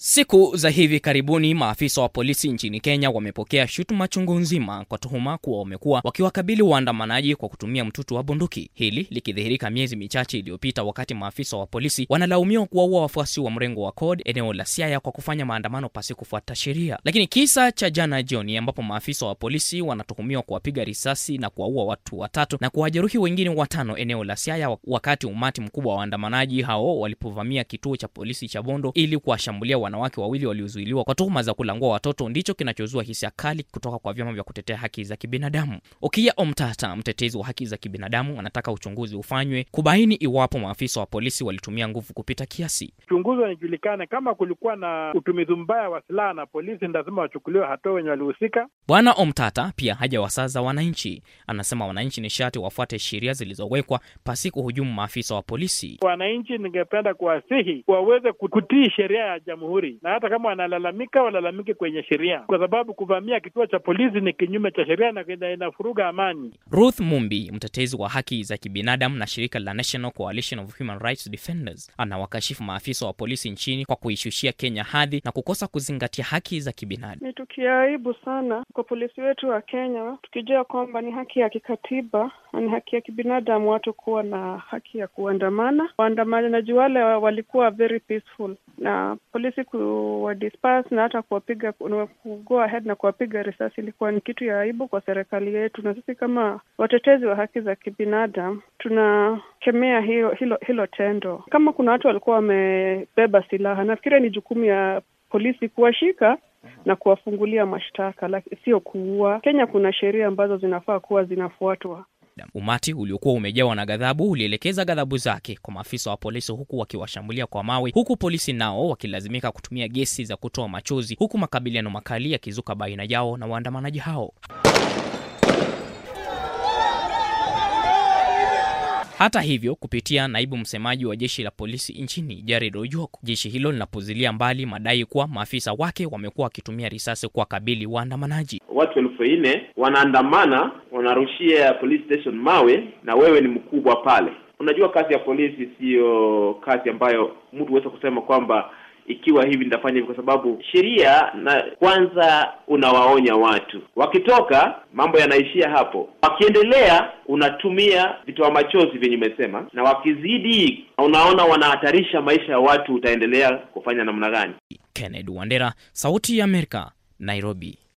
Siku za hivi karibuni maafisa wa polisi nchini Kenya wamepokea shutuma chungu nzima kwa tuhuma kuwa wamekuwa wakiwakabili waandamanaji kwa kutumia mtutu wa bunduki, hili likidhihirika miezi michache iliyopita wakati maafisa wa polisi wanalaumiwa kuwaua wafuasi wa mrengo wa CORD eneo la Siaya kwa kufanya maandamano pasi kufuata sheria. Lakini kisa cha jana jioni ambapo maafisa wa polisi wanatuhumiwa kuwapiga risasi na kuwaua watu watatu na kuwajeruhi wengine watano eneo la Siaya wakati umati mkubwa wa waandamanaji hao walipovamia kituo cha polisi cha Bondo ili kuwashambulia wanawake wawili waliozuiliwa kwa tuhuma za kulangua watoto ndicho kinachozua hisia kali kutoka kwa vyama vya kutetea haki za kibinadamu. Okiya Omtata, mtetezi wa haki za kibinadamu, anataka uchunguzi ufanywe kubaini iwapo maafisa wa polisi walitumia nguvu kupita kiasi. Uchunguzi wanijulikane kama kulikuwa na utumizi mbaya wa silaha na polisi lazima wachukuliwe hatua wenye walihusika. Bwana Omtata pia haja wasaza wananchi, anasema wananchi nishati wafuate sheria zilizowekwa pasi kuhujumu maafisa wa polisi. Wananchi, ningependa kuwasihi waweze kutii sheria ya jamhuri jamhuri, na hata kama wanalalamika walalamike kwenye sheria, kwa sababu kuvamia kituo cha polisi ni kinyume cha sheria na inafuruga amani. Ruth Mumbi, mtetezi wa haki za kibinadamu na shirika la National Coalition of Human Rights Defenders, anawakashifu maafisa wa polisi nchini kwa kuishushia Kenya hadhi na kukosa kuzingatia haki za kibinadamu. Ni tukiaibu sana kwa polisi wetu wa Kenya, tukijua kwamba ni haki ya kikatiba na ni haki ya kibinadamu watu kuwa na haki ya kuandamana. Waandamanaji wale walikuwa very peaceful na polisi kuwadisperse na hata kuwapiga go ahead na kuwapiga risasi ilikuwa ni kitu ya aibu kwa serikali yetu, na sisi kama watetezi wa haki za kibinadamu tunakemea hilo, hilo, hilo tendo. Kama kuna watu walikuwa wamebeba silaha, nafikiri ni jukumu ya polisi kuwashika na kuwafungulia mashtaka, sio kuua. Kenya kuna sheria ambazo zinafaa kuwa zinafuatwa kibinadamu. Umati uliokuwa umejawa na ghadhabu ulielekeza ghadhabu zake kwa maafisa wa polisi, huku wakiwashambulia kwa mawe, huku polisi nao wakilazimika kutumia gesi za kutoa machozi, huku makabiliano makali yakizuka baina yao na waandamanaji hao. Hata hivyo, kupitia naibu msemaji wa jeshi la polisi nchini Jared Ojok, jeshi hilo linapuzilia mbali madai kuwa maafisa wake wamekuwa wakitumia risasi kuwakabili waandamanaji. Watu elfu nne wanaandamana, wanarushia police station mawe, na wewe ni mkubwa pale. Unajua, kazi ya polisi siyo kazi ambayo mtu huweza kusema kwamba ikiwa hivi nitafanya hivi, kwa sababu sheria na kwanza unawaonya watu, wakitoka mambo yanaishia hapo, wakiendelea unatumia vitoa machozi vyenye umesema, na wakizidi unaona wanahatarisha maisha ya watu, utaendelea kufanya namna gani? Kennedy Wandera, Sauti ya Amerika, Nairobi.